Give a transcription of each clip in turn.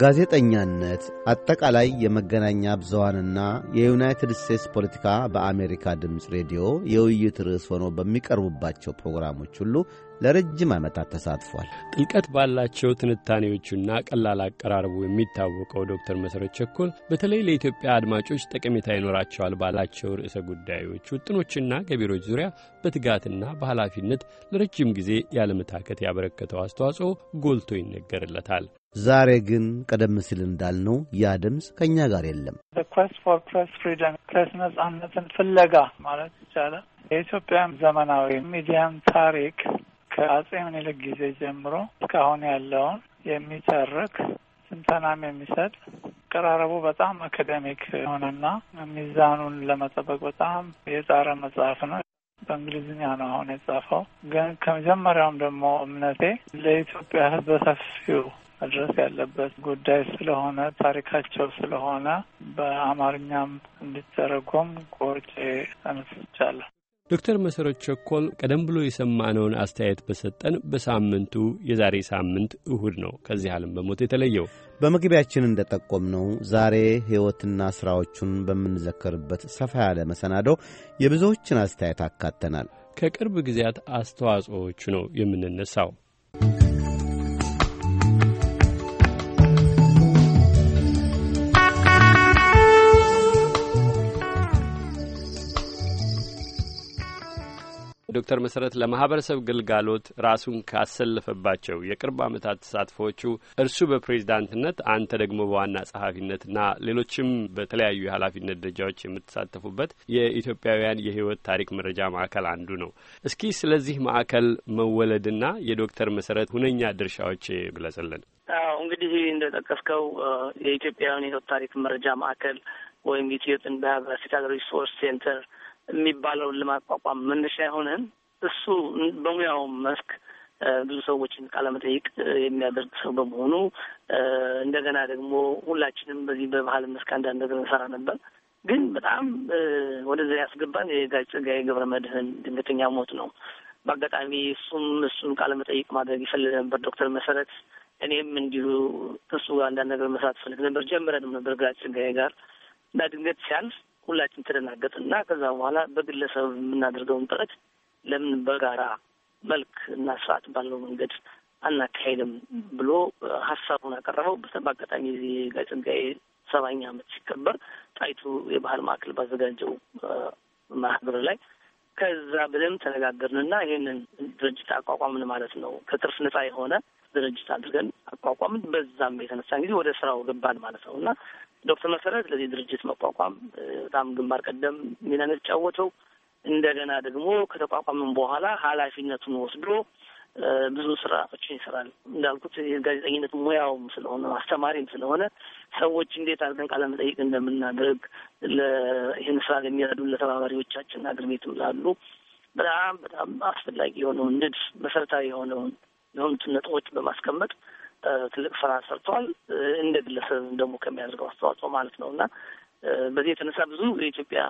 ጋዜጠኛነት አጠቃላይ የመገናኛ ብዙሃንና የዩናይትድ ስቴትስ ፖለቲካ በአሜሪካ ድምፅ ሬዲዮ የውይይት ርዕስ ሆኖ በሚቀርቡባቸው ፕሮግራሞች ሁሉ ለረጅም ዓመታት ተሳትፏል። ጥልቀት ባላቸው ትንታኔዎቹና ቀላል አቀራረቡ የሚታወቀው ዶክተር መሠረት ቸኮል በተለይ ለኢትዮጵያ አድማጮች ጠቀሜታ ይኖራቸዋል ባላቸው ርዕሰ ጉዳዮች፣ ውጥኖችና ገቢሮች ዙሪያ በትጋትና በኃላፊነት ለረጅም ጊዜ ያለመታከት ያበረከተው አስተዋጽኦ ጎልቶ ይነገርለታል። ዛሬ ግን ቀደም ሲል እንዳልነው ያ ድምፅ ከእኛ ጋር የለም። ፕሬስ ፎር ፕሬስ ፍሪደም ፕሬስ ነጻነትን ፍለጋ ማለት ይቻላል። የኢትዮጵያ ዘመናዊ ሚዲያም ታሪክ ከአጼ ምኒልክ ጊዜ ጀምሮ እስካሁን ያለውን የሚተርክ ስንተናም የሚሰጥ አቀራረቡ በጣም አካዴሚክ የሆነና ሚዛኑን ለመጠበቅ በጣም የጣረ መጽሐፍ ነው። በእንግሊዝኛ ነው አሁን የጻፈው። ግን ከመጀመሪያውም ደግሞ እምነቴ ለኢትዮጵያ ሕዝብ በሰፊው መድረስ ያለበት ጉዳይ ስለሆነ ታሪካቸው ስለሆነ በአማርኛም እንዲተረጎም ቆርጬ አነስቻለሁ። ዶክተር መሰረት ቸኮል ቀደም ብሎ የሰማነውን አስተያየት በሰጠን በሳምንቱ የዛሬ ሳምንት እሁድ ነው ከዚህ ዓለም በሞት የተለየው። በመግቢያችን እንደ ጠቆምነው ዛሬ ሕይወትና ሥራዎቹን በምንዘከርበት ሰፋ ያለ መሰናዶ የብዙዎችን አስተያየት አካተናል። ከቅርብ ጊዜያት አስተዋጽኦዎቹ ነው የምንነሳው። ዶክተር መሰረት ለማህበረሰብ ግልጋሎት ራሱን ካሰለፈባቸው የቅርብ ዓመታት ተሳትፎዎቹ እርሱ በፕሬዚዳንትነት አንተ ደግሞ በዋና ጸሐፊነትና ሌሎችም በተለያዩ የኃላፊነት ደረጃዎች የምትሳተፉበት የኢትዮጵያውያን የህይወት ታሪክ መረጃ ማዕከል አንዱ ነው። እስኪ ስለዚህ ማዕከል መወለድና የዶክተር መሰረት ሁነኛ ድርሻዎች ግለጽልን። አዎ እንግዲህ እንደጠቀስከው የኢትዮጵያውያን የህይወት ታሪክ መረጃ ማዕከል ወይም ኢትዮጵያን በአፍሪካ ሪሶርስ ሴንተር የሚባለውን ለማቋቋም መነሻ የሆነን እሱ በሙያው መስክ ብዙ ሰዎችን ቃለመጠይቅ የሚያደርግ ሰው በመሆኑ እንደገና ደግሞ ሁላችንም በዚህ በባህል መስክ አንዳንድ ነገር እንሰራ ነበር። ግን በጣም ወደዚያ ያስገባን የጋሽ ጸጋዬ ገብረ መድኅን ድንገተኛ ሞት ነው። በአጋጣሚ እሱም እሱን ቃለመጠይቅ ማድረግ ይፈልግ ነበር ዶክተር መሰረት እኔም እንዲሁ እሱ አንዳንድ ነገር መስራት ፈልግ ነበር። ጀምረንም ነበር ጋሽ ጋር እና ድንገት ሲያልፍ ሁላችን ተደናገጥና ከዛ በኋላ በግለሰብ የምናደርገውን ጥረት ለምን በጋራ መልክ እና ስርዓት ባለው መንገድ አናካሄድም ብሎ ሀሳቡን አቀረበው። በአጋጣሚ ጊዜ ጸጋዬ ሰባኛ ዓመት ሲከበር ጣይቱ የባህል ማዕከል ባዘጋጀው ማህበር ላይ ከዛ ብለን ተነጋገርንና ይህንን ድርጅት አቋቋምን ማለት ነው። ከትርፍ ነጻ የሆነ ድርጅት አድርገን አቋቋምን። በዛም የተነሳ እንግዲህ ወደ ስራው ገባን ማለት ነው እና ዶክተር መሰረት ለዚህ ድርጅት መቋቋም በጣም ግንባር ቀደም ሚና ነው የተጫወተው። እንደገና ደግሞ ከተቋቋመም በኋላ ኃላፊነቱን ወስዶ ብዙ ስራዎችን ይሰራል። እንዳልኩት የጋዜጠኝነት ሙያውም ስለሆነ አስተማሪም ስለሆነ ሰዎች እንዴት አድርገን ቃለ መጠይቅ እንደምናደርግ ይህን ስራ ለሚረዱን ለተባባሪዎቻችን አገር ቤትም ላሉ በጣም በጣም አስፈላጊ የሆነውን ንድፍ መሰረታዊ የሆነውን የሆኑትን ነጥቦች በማስቀመጥ ትልቅ ስራ ሰርተዋል። እንደ ግለሰብ ደግሞ ከሚያደርገው አስተዋጽኦ ማለት ነው እና በዚህ የተነሳ ብዙ የኢትዮጵያ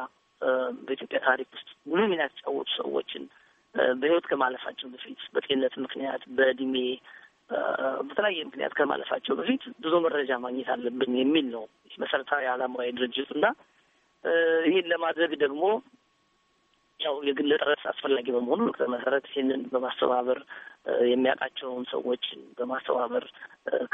በኢትዮጵያ ታሪክ ውስጥ ብዙ ሚና የተጫወቱ ሰዎችን በህይወት ከማለፋቸው በፊት በጤንነት ምክንያት፣ በእድሜ በተለያየ ምክንያት ከማለፋቸው በፊት ብዙ መረጃ ማግኘት አለብን የሚል ነው መሰረታዊ ዓላማዊ ድርጅት እና ይህን ለማድረግ ደግሞ ያው የግል ጥረት አስፈላጊ በመሆኑ መሰረት ይህንን በማስተባበር የሚያውቃቸውን ሰዎች በማስተባበር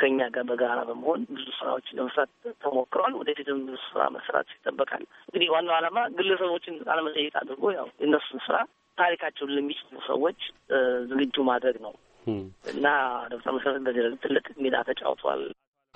ከኛ ጋር በጋራ በመሆን ብዙ ስራዎችን ለመስራት ተሞክረዋል። ወደፊትም ብዙ ስራ መስራት ይጠበቃል። እንግዲህ ዋናው ዓላማ ግለሰቦችን አለመጠየቅ አድርጎ ያው የነሱን ስራ ታሪካቸውን ለሚችሉ ሰዎች ዝግጁ ማድረግ ነው እና ዶክተር መሰረት በዚህ ትልቅ ሜዳ ተጫውቷል።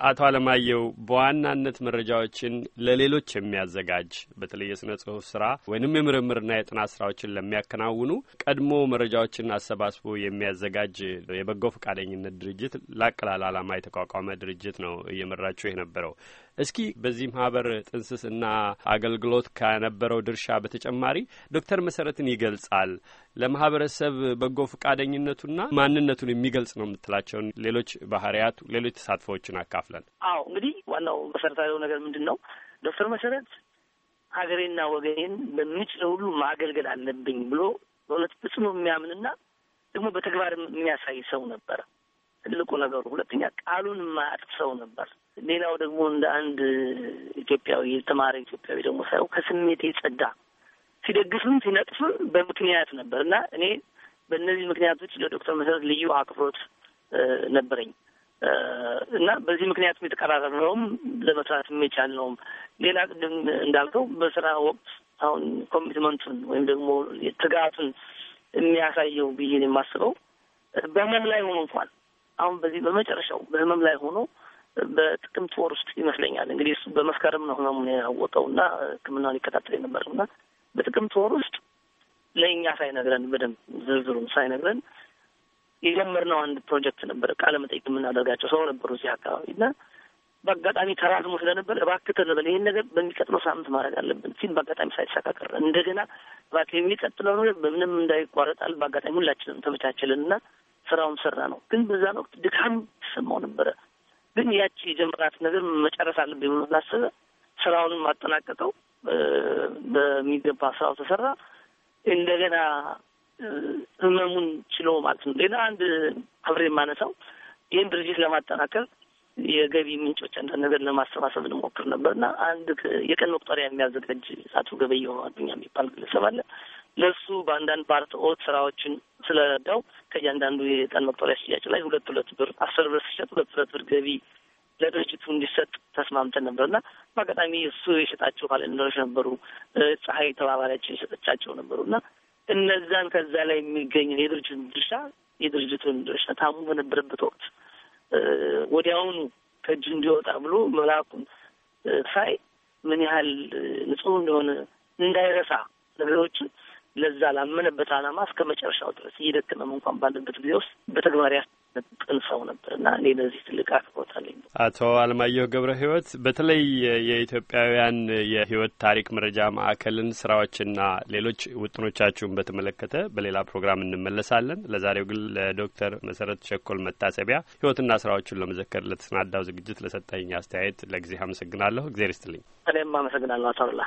አቶ አለማየሁ በዋናነት መረጃዎችን ለሌሎች የሚያዘጋጅ በተለይ የሥነ ጽሁፍ ስራ ወይንም የምርምርና የጥናት ስራዎችን ለሚያከናውኑ ቀድሞ መረጃዎችን አሰባስቦ የሚያዘጋጅ የበጎ ፈቃደኝነት ድርጅት ላቀላል ዓላማ የተቋቋመ ድርጅት ነው እየመራችሁ የነበረው። እስኪ በዚህ ማህበር ጥንስስ እና አገልግሎት ከነበረው ድርሻ በተጨማሪ ዶክተር መሰረትን ይገልጻል ለማህበረሰብ በጎ ፈቃደኝነቱና ማንነቱን የሚገልጽ ነው የምትላቸውን ሌሎች ባህርያቱ፣ ሌሎች ተሳትፎዎችን አካፍለን። አዎ እንግዲህ ዋናው መሰረታዊ ነገር ምንድን ነው? ዶክተር መሰረት ሀገሬና ወገኔን በሚችለው ሁሉ ማገልገል አለብኝ ብሎ በእውነት ጽኑ የሚያምንና ደግሞ በተግባር የሚያሳይ ሰው ነበር። ትልቁ ነገሩ። ሁለተኛ ቃሉን የማያጥፍ ሰው ነበር። ሌላው ደግሞ እንደ አንድ ኢትዮጵያዊ የተማረ ኢትዮጵያዊ ደግሞ ሳየው ከስሜት የጸዳ ሲደግፍም ሲነቅፍም በምክንያት ነበር እና እኔ በእነዚህ ምክንያቶች ለዶክተር መሰረት ልዩ አክብሮት ነበረኝ እና በዚህ ምክንያት የተቀራረበውም ለመስራት ነውም። ሌላ ቅድም እንዳልከው በስራ ወቅት አሁን ኮሚትመንቱን ወይም ደግሞ ትጋቱን የሚያሳየው ብዬ የማስበው በህመም ላይ ሆኖ እንኳን አሁን በዚህ በመጨረሻው በህመም ላይ ሆኖ በጥቅምት ወር ውስጥ ይመስለኛል እንግዲህ እሱ በመስከረም ነው ህመሙን ያወቀው እና ህክምናውን ይከታተል የነበር እና በጥቅምት ወር ውስጥ ለእኛ ሳይነግረን በደንብ ዝርዝሩን ሳይነግረን የጀመርነው አንድ ፕሮጀክት ነበር። ቃለ መጠይቅ የምናደርጋቸው ሰው ነበሩ እዚህ አካባቢ እና በአጋጣሚ ተራዝሞ ስለነበር እባክህ ተዘበል ይህን ነገር በሚቀጥለው ሳምንት ማድረግ አለብን ሲል በአጋጣሚ ሳይሳካ ቀረ። እንደገና እባክህ የሚቀጥለው ነገር በምንም እንዳይቋረጣል በአጋጣሚ ሁላችንም ተመቻችልን እና ስራውን ሰራ ነው። ግን በዛን ወቅት ድካም ይሰማው ነበረ። ግን ያቺ የጀመራት ነገር መጨረስ አለብ ብሎ ስራውንም አጠናቀቀው። በሚገባ ስራው ተሰራ። እንደገና ህመሙን ችሎ ማለት ነው። ሌላ አንድ አብሬ የማነሳው ይህን ድርጅት ለማጠናከር የገቢ ምንጮች አንዳንድ ነገር ለማሰባሰብ እንሞክር ነበር እና አንድ የቀን መቁጠሪያ የሚያዘጋጅ አቶ ገበየ ሆኗል አዱኛ የሚባል ግለሰብ አለ። ለእሱ በአንዳንድ ፓርት ኦት ስራዎችን ስለረዳው ከእያንዳንዱ የጠን መቁጠሪያ ሽያጭ ላይ ሁለት ሁለት ብር አስር ብር ሲሸጥ ሁለት ሁለት ብር ገቢ ለድርጅቱ እንዲሰጥ ተስማምተን እና በአጋጣሚ እሱ የሸጣቸው ካሌንደሮች ነበሩ። ፀሐይ ተባባሪያችን የሸጠቻቸው ነበሩ እና እነዛን ከዛ ላይ የሚገኘን የድርጅቱን ድርሻ የድርጅቱን ድርሻ ታሙ በነበረበት ወቅት ወዲያውኑ ከእጁ እንዲወጣ ብሎ መላኩን ሳይ ምን ያህል ንጹህ እንደሆነ እንዳይረሳ ነገሮችን ለዛ ላመነበት ዓላማ እስከ መጨረሻው ድረስ እየደከመም እንኳን ባለበት ጊዜ ውስጥ በተግባር ያስጠነቅቅን ሰው ነበር እና እኔ ለዚህ ትልቅ አክብሮት አለኝ። አቶ አለማየሁ ገብረ ህይወት በተለይ የኢትዮጵያውያን የህይወት ታሪክ መረጃ ማዕከልን ስራዎችና ሌሎች ውጥኖቻችሁን በተመለከተ በሌላ ፕሮግራም እንመለሳለን። ለዛሬው ግን ለዶክተር መሰረት ሸኮል መታሰቢያ ህይወትና ስራዎቹን ለመዘከር ለተሰናዳው ዝግጅት ለሰጠኝ አስተያየት ለጊዜ አመሰግናለሁ። እግዜር ይስጥልኝ። እኔም አመሰግናለሁ አቶ አሉላ።